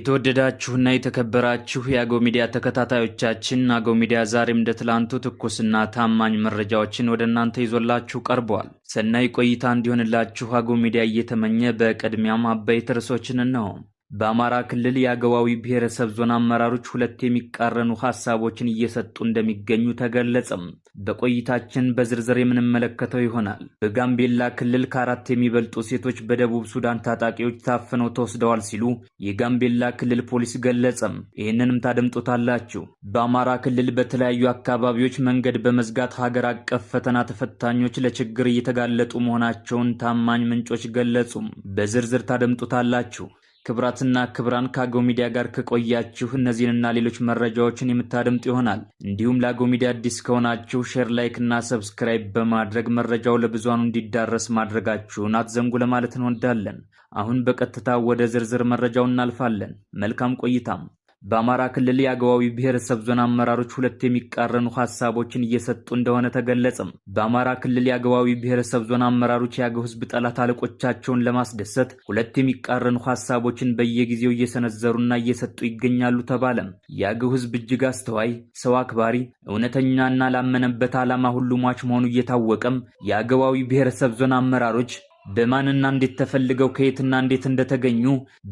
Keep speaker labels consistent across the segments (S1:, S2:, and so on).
S1: የተወደዳችሁና የተከበራችሁ የአገው ሚዲያ ተከታታዮቻችን አገው ሚዲያ ዛሬም እንደ ትላንቱ ትኩስና ታማኝ መረጃዎችን ወደ እናንተ ይዞላችሁ ቀርበዋል። ሰናይ ቆይታ እንዲሆንላችሁ አገው ሚዲያ እየተመኘ በቅድሚያም አበይት ርዕሶችን ነው። በአማራ ክልል የአገባዊ ብሔረሰብ ዞን አመራሮች ሁለት የሚቃረኑ ሀሳቦችን እየሰጡ እንደሚገኙ ተገለጸም። በቆይታችን በዝርዝር የምንመለከተው ይሆናል። በጋምቤላ ክልል ከአራት የሚበልጡ ሴቶች በደቡብ ሱዳን ታጣቂዎች ታፍነው ተወስደዋል ሲሉ የጋምቤላ ክልል ፖሊስ ገለጸም። ይህንንም ታደምጡታላችሁ። በአማራ ክልል በተለያዩ አካባቢዎች መንገድ በመዝጋት ሀገር አቀፍ ፈተና ተፈታኞች ለችግር እየተጋለጡ መሆናቸውን ታማኝ ምንጮች ገለጹም። በዝርዝር ታደምጡታላችሁ። ክብራትና ክብራን ከአገው ሚዲያ ጋር ከቆያችሁ እነዚህንና ሌሎች መረጃዎችን የምታደምጡ ይሆናል። እንዲሁም ለአገው ሚዲያ አዲስ ከሆናችሁ ሼር፣ ላይክ እና ሰብስክራይብ በማድረግ መረጃው ለብዙኑ እንዲዳረስ ማድረጋችሁን አትዘንጉ ለማለት እንወዳለን። አሁን በቀጥታ ወደ ዝርዝር መረጃው እናልፋለን። መልካም ቆይታም በአማራ ክልል የአገባዊ ብሔረሰብ ዞን አመራሮች ሁለት የሚቃረኑ ሀሳቦችን እየሰጡ እንደሆነ ተገለጸም። በአማራ ክልል የአገባዊ ብሔረሰብ ዞን አመራሮች የአገው ህዝብ ጠላት አለቆቻቸውን ለማስደሰት ሁለት የሚቃረኑ ሀሳቦችን በየጊዜው እየሰነዘሩና እየሰጡ ይገኛሉ ተባለም። የአገው ህዝብ እጅግ አስተዋይ፣ ሰው አክባሪ፣ እውነተኛና ላመነበት ዓላማ ሁሉ ሟች መሆኑ እየታወቀም የአገባዊ ብሔረሰብ ዞን አመራሮች በማንና እንዴት ተፈልገው ከየትና እንዴት እንደተገኙ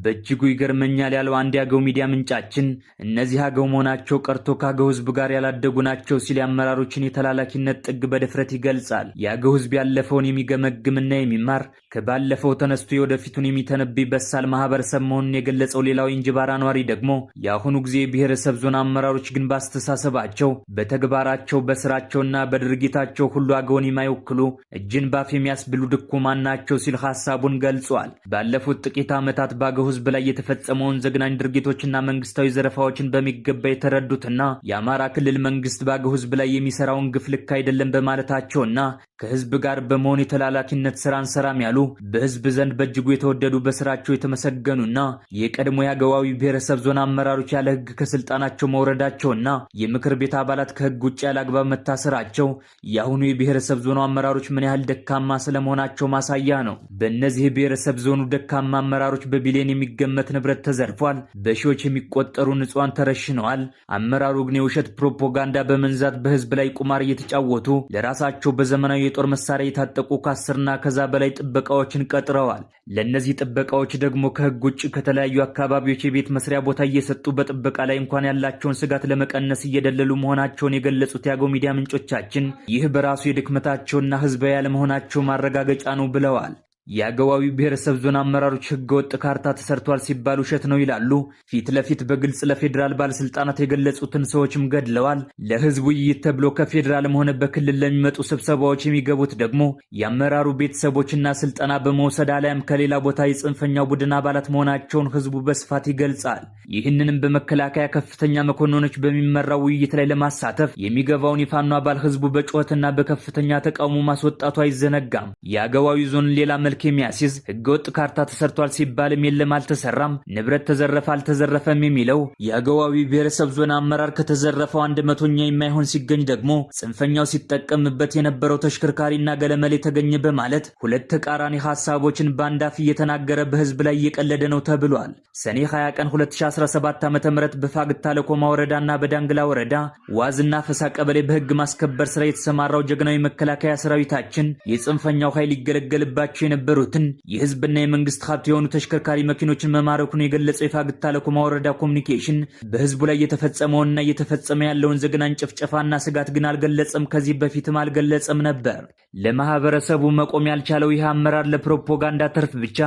S1: በእጅጉ ይገርመኛል ያለው አንድ የአገው ሚዲያ ምንጫችን እነዚህ አገው መሆናቸው ቀርቶ ከአገው ሕዝብ ጋር ያላደጉ ናቸው ሲል የአመራሮችን የተላላኪነት ጥግ በድፍረት ይገልጻል። የአገው ሕዝብ ያለፈውን የሚገመግምና የሚማር ከባለፈው ተነስቶ የወደፊቱን የሚተነብይ በሳል ማህበረሰብ መሆኑን የገለጸው ሌላው እንጅባራ ነዋሪ ደግሞ የአሁኑ ጊዜ የብሔረሰብ ዞን አመራሮች ግን በአስተሳሰባቸው፣ በተግባራቸው፣ በስራቸውና በድርጊታቸው ሁሉ አገውን የማይወክሉ እጅን ባፍ የሚያስብሉ ድኩማና ናቸው ሲል ሀሳቡን ገልጿል። ባለፉት ጥቂት ዓመታት በአገው ህዝብ ላይ የተፈጸመውን ዘግናኝ ድርጊቶችና መንግስታዊ ዘረፋዎችን በሚገባ የተረዱትና የአማራ ክልል መንግስት በአገው ህዝብ ላይ የሚሰራውን ግፍ ልክ አይደለም በማለታቸውና ከህዝብ ጋር በመሆን የተላላኪነት ስራ አንሰራም ያሉ በህዝብ ዘንድ በእጅጉ የተወደዱ በስራቸው የተመሰገኑና የቀድሞ የአገዋዊ ብሔረሰብ ዞን አመራሮች ያለ ህግ ከስልጣናቸው መውረዳቸውና የምክር ቤት አባላት ከህግ ውጭ ያለ አግባብ መታሰራቸው የአሁኑ የብሔረሰብ ዞኑ አመራሮች ምን ያህል ደካማ ስለመሆናቸው ማሳያ ማሳያ ነው። በእነዚህ ብሔረሰብ ዞኑ ደካማ አመራሮች በቢሊዮን የሚገመት ንብረት ተዘርፏል። በሺዎች የሚቆጠሩ ንጹሐን ተረሽነዋል። አመራሩ ግን የውሸት ፕሮፓጋንዳ በመንዛት በህዝብ ላይ ቁማር እየተጫወቱ ለራሳቸው በዘመናዊ የጦር መሳሪያ የታጠቁ ከአስርና ከዛ በላይ ጥበቃዎችን ቀጥረዋል። ለእነዚህ ጥበቃዎች ደግሞ ከህግ ውጭ ከተለያዩ አካባቢዎች የቤት መስሪያ ቦታ እየሰጡ በጥበቃ ላይ እንኳን ያላቸውን ስጋት ለመቀነስ እየደለሉ መሆናቸውን የገለጹት ያገው ሚዲያ ምንጮቻችን ይህ በራሱ የድክመታቸውና ህዝባዊ ያለመሆናቸው ማረጋገጫ ነው ብለዋል። السوال የአገዋዊ ብሔረሰብ ዞን አመራሮች ህገወጥ ካርታ ተሰርቷል ሲባል ውሸት ነው ይላሉ። ፊት ለፊት በግልጽ ለፌዴራል ባለስልጣናት የገለጹትን ሰዎችም ገድለዋል። ለህዝብ ውይይት ተብሎ ከፌዴራልም ሆነ በክልል ለሚመጡ ስብሰባዎች የሚገቡት ደግሞ የአመራሩ ቤተሰቦችና ስልጠና በመውሰድ አሊያም ከሌላ ቦታ የጽንፈኛው ቡድን አባላት መሆናቸውን ህዝቡ በስፋት ይገልጻል። ይህንንም በመከላከያ ከፍተኛ መኮንኖች በሚመራው ውይይት ላይ ለማሳተፍ የሚገባውን የፋኖ አባል ህዝቡ በጩኸትና በከፍተኛ ተቃውሞ ማስወጣቱ አይዘነጋም። የአገዋዊ ዞን ሌላ መልክ መልክ የሚያስይዝ ህገወጥ ካርታ ተሰርቷል ሲባልም የለም አልተሰራም፣ ንብረት ተዘረፈ አልተዘረፈም የሚለው የአገዋዊ ብሔረሰብ ዞን አመራር ከተዘረፈው አንድ መቶኛ የማይሆን ሲገኝ ደግሞ ጽንፈኛው ሲጠቀምበት የነበረው ተሽከርካሪና ገለመል የተገኘ በማለት ሁለት ተቃራኒ ሀሳቦችን በአንድ አፍ እየተናገረ በህዝብ ላይ እየቀለደ ነው ተብሏል። ሰኔ 20 ቀን 2017 ዓ ም በፋግታ ለኮማ ወረዳና በዳንግላ ወረዳ ዋዝና ፈሳ ቀበሌ በህግ ማስከበር ስራ የተሰማራው ጀግናዊ መከላከያ ሰራዊታችን የጽንፈኛው ኃይል ይገለገልባቸው የነበ የነበሩትን የህዝብና የመንግስት ሀብት የሆኑ ተሽከርካሪ መኪኖችን መማረኩን የገለጸው የፋግታ ለኮማ ወረዳ ኮሚኒኬሽን በህዝቡ ላይ የተፈጸመውንና እየተፈጸመ ያለውን ዘግናኝ ጭፍጨፋና ስጋት ግን አልገለጸም። ከዚህ በፊትም አልገለጸም ነበር። ለማህበረሰቡ መቆም ያልቻለው ይህ አመራር ለፕሮፓጋንዳ ተርፍ ብቻ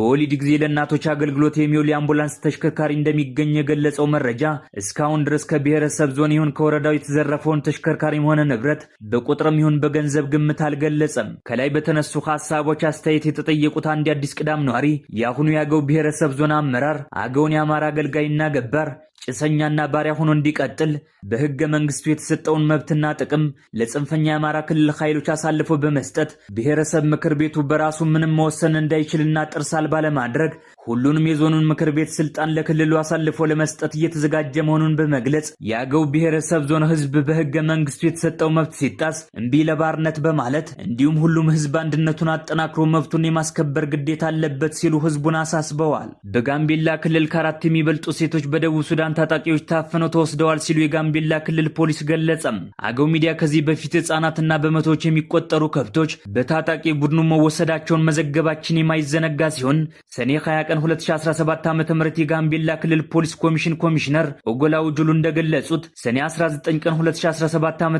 S1: በወሊድ ጊዜ ለእናቶች አገልግሎት የሚውል የአምቡላንስ ተሽከርካሪ እንደሚገኝ የገለጸው መረጃ እስካሁን ድረስ ከብሔረሰብ ዞን ይሁን ከወረዳው የተዘረፈውን ተሽከርካሪም ሆነ ንብረት በቁጥርም ይሁን በገንዘብ ግምት አልገለጸም። ከላይ በተነሱ ሀሳቦች አስተያየት የተጠየቁት አንድ አዲስ ቅዳም ነዋሪ የአሁኑ የአገው ብሔረሰብ ዞን አመራር አገውን የአማራ አገልጋይና ገባር ጭሰኛና ባሪያ ሆኖ እንዲቀጥል በሕገ መንግስቱ የተሰጠውን መብትና ጥቅም ለጽንፈኛ የአማራ ክልል ኃይሎች አሳልፎ በመስጠት ብሔረሰብ ምክር ቤቱ በራሱ ምንም መወሰን እንዳይችልና ጥርስ አልባ ለማድረግ ሁሉንም የዞኑን ምክር ቤት ስልጣን ለክልሉ አሳልፎ ለመስጠት እየተዘጋጀ መሆኑን በመግለጽ የአገው ብሔረሰብ ዞን ህዝብ በህገ መንግስቱ የተሰጠው መብት ሲጣስ እምቢ ለባርነት በማለት እንዲሁም ሁሉም ህዝብ አንድነቱን አጠናክሮ መብቱን የማስከበር ግዴታ አለበት ሲሉ ህዝቡን አሳስበዋል። በጋምቤላ ክልል ከአራት የሚበልጡ ሴቶች በደቡብ ሱዳን ታጣቂዎች ታፍነው ተወስደዋል ሲሉ የጋምቤላ ክልል ፖሊስ ገለጸም። አገው ሚዲያ ከዚህ በፊት ህጻናትና በመቶዎች የሚቆጠሩ ከብቶች በታጣቂ ቡድኑ መወሰዳቸውን መዘገባችን የማይዘነጋ ሲሆን ሰኔ 20 ቀን ቀን 2017 ዓ ም የጋምቤላ ክልል ፖሊስ ኮሚሽን ኮሚሽነር ኦጎላው ጁሉ እንደገለጹት ሰኔ 19 ቀን 2017 ዓ ም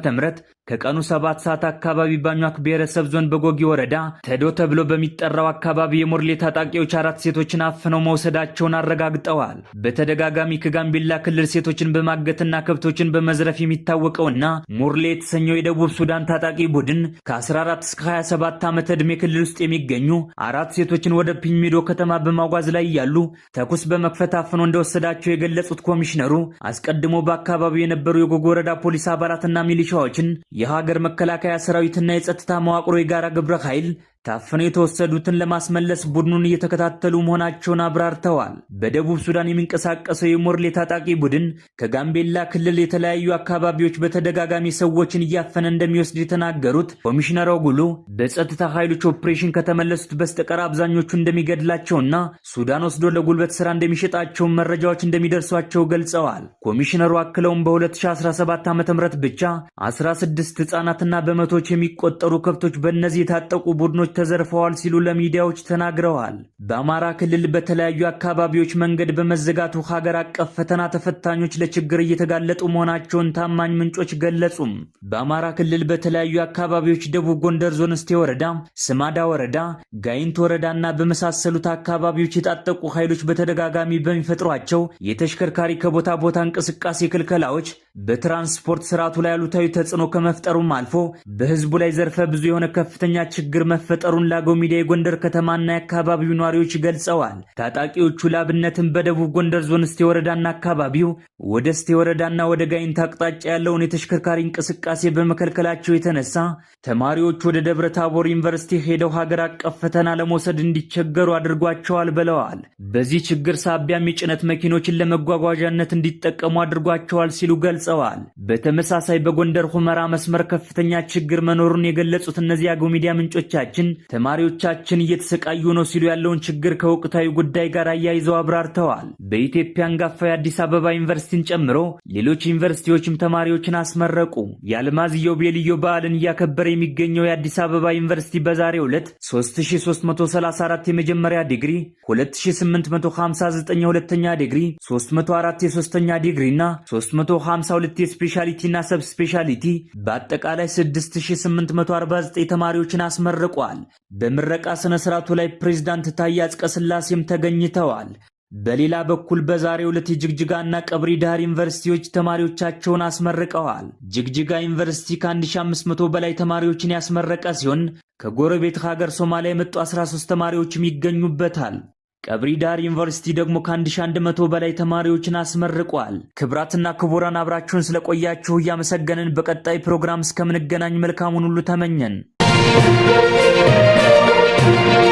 S1: ከቀኑ 7 ሰዓት አካባቢ ባኟክ ብሔረሰብ ዞን በጎጊ ወረዳ ተዶ ተብሎ በሚጠራው አካባቢ የሞርሌ ታጣቂዎች አራት ሴቶችን አፍነው መውሰዳቸውን አረጋግጠዋል። በተደጋጋሚ ከጋምቤላ ክልል ሴቶችን በማገትና ከብቶችን በመዝረፍ የሚታወቀውና ሞርሌ የተሰኘው የደቡብ ሱዳን ታጣቂ ቡድን ከ14 እስከ 27 ዓመት ዕድሜ ክልል ውስጥ የሚገኙ አራት ሴቶችን ወደ ፒኝሚዶ ከተማ በማጓዝ ላይ እያሉ ተኩስ በመክፈት አፍኖ እንደወሰዳቸው የገለጹት ኮሚሽነሩ አስቀድሞ በአካባቢው የነበሩ የጎጎ ወረዳ ፖሊስ አባላትና ሚሊሻዎችን የሀገር መከላከያ ሰራዊትና የጸጥታ መዋቅሮ የጋራ ግብረ ኃይል ታፍነው የተወሰዱትን ለማስመለስ ቡድኑን እየተከታተሉ መሆናቸውን አብራርተዋል። በደቡብ ሱዳን የሚንቀሳቀሰው የሞርሌ ታጣቂ ቡድን ከጋምቤላ ክልል የተለያዩ አካባቢዎች በተደጋጋሚ ሰዎችን እያፈነ እንደሚወስድ የተናገሩት ኮሚሽነር ጉሉ በጸጥታ ኃይሎች ኦፕሬሽን ከተመለሱት በስተቀር አብዛኞቹ እንደሚገድላቸውና ሱዳን ወስዶ ለጉልበት ስራ እንደሚሸጣቸውን መረጃዎች እንደሚደርሷቸው ገልጸዋል። ኮሚሽነሩ አክለውም በ2017 ዓ ም ብቻ 16 ህጻናትና በመቶዎች የሚቆጠሩ ከብቶች በእነዚህ የታጠቁ ቡድኖች ተዘርፈዋል ሲሉ ለሚዲያዎች ተናግረዋል። በአማራ ክልል በተለያዩ አካባቢዎች መንገድ በመዘጋቱ ሀገር አቀፍ ፈተና ተፈታኞች ለችግር እየተጋለጡ መሆናቸውን ታማኝ ምንጮች ገለጹም። በአማራ ክልል በተለያዩ አካባቢዎች ደቡብ ጎንደር ዞን እስቴ ወረዳ፣ ስማዳ ወረዳ፣ ጋይንት ወረዳና በመሳሰሉት አካባቢዎች የታጠቁ ኃይሎች በተደጋጋሚ በሚፈጥሯቸው የተሽከርካሪ ከቦታ ቦታ እንቅስቃሴ ክልከላዎች በትራንስፖርት ስርዓቱ ላይ አሉታዊ ተጽዕኖ ከመፍጠሩም አልፎ በህዝቡ ላይ ዘርፈ ብዙ የሆነ ከፍተኛ ችግር መፈጠሩ መፍጠሩን ላጎ ሚዲያ የጎንደር ከተማና የአካባቢው ነዋሪዎች ገልጸዋል። ታጣቂዎቹ ላብነትን በደቡብ ጎንደር ዞን እስቴ ወረዳና አካባቢው ወደ እስቴ ወረዳና ወደ ጋይንት አቅጣጫ ያለውን የተሽከርካሪ እንቅስቃሴ በመከልከላቸው የተነሳ ተማሪዎች ወደ ደብረ ታቦር ዩኒቨርሲቲ ሄደው ሀገር አቀፍ ፈተና ለመውሰድ እንዲቸገሩ አድርጓቸዋል ብለዋል። በዚህ ችግር ሳቢያም የጭነት መኪኖችን ለመጓጓዣነት እንዲጠቀሙ አድርጓቸዋል ሲሉ ገልጸዋል። በተመሳሳይ በጎንደር ሁመራ መስመር ከፍተኛ ችግር መኖሩን የገለጹት እነዚህ የአገው ሚዲያ ምንጮቻችን ተማሪዎቻችን እየተሰቃዩ ነው ሲሉ ያለውን ችግር ከወቅታዊ ጉዳይ ጋር አያይዘው አብራርተዋል። በኢትዮጵያ አንጋፋ የአዲስ አበባ ዩኒቨርሲቲን ጨምሮ ሌሎች ዩኒቨርሲቲዎችም ተማሪዎችን አስመረቁ። የአልማዝ ኢዮቤልዩ በዓልን እያከበረ የሚገኘው የአዲስ አበባ ዩኒቨርሲቲ በዛሬው ዕለት 3334 የመጀመሪያ ዲግሪ፣ 2859 የሁለተኛ ዲግሪ፣ 304 የሶስተኛ ዲግሪ እና 352 የስፔሻሊቲ እና ሰብስፔሻሊቲ በአጠቃላይ 6849 ተማሪዎችን አስመርቋል። ተገኝተዋል። በምረቃ ስነ ስርዓቱ ላይ ፕሬዝዳንት ታዬ አጽቀሥላሴም ተገኝተዋል። በሌላ በኩል በዛሬው ዕለት የጅግጅጋና ቀብሪ ዳህር ዩኒቨርሲቲዎች ተማሪዎቻቸውን አስመርቀዋል። ጅግጅጋ ዩኒቨርሲቲ ከ1500 በላይ ተማሪዎችን ያስመረቀ ሲሆን ከጎረቤት ሀገር ሶማሊያ የመጡ 13 ተማሪዎችም ይገኙበታል። ቀብሪ ዳህር ዩኒቨርሲቲ ደግሞ ከ1100 በላይ ተማሪዎችን አስመርቋል። ክብራትና ክቡራን አብራችሁን ስለቆያችሁ እያመሰገንን በቀጣይ ፕሮግራም እስከምንገናኝ መልካሙን ሁሉ ተመኘን። Thank you.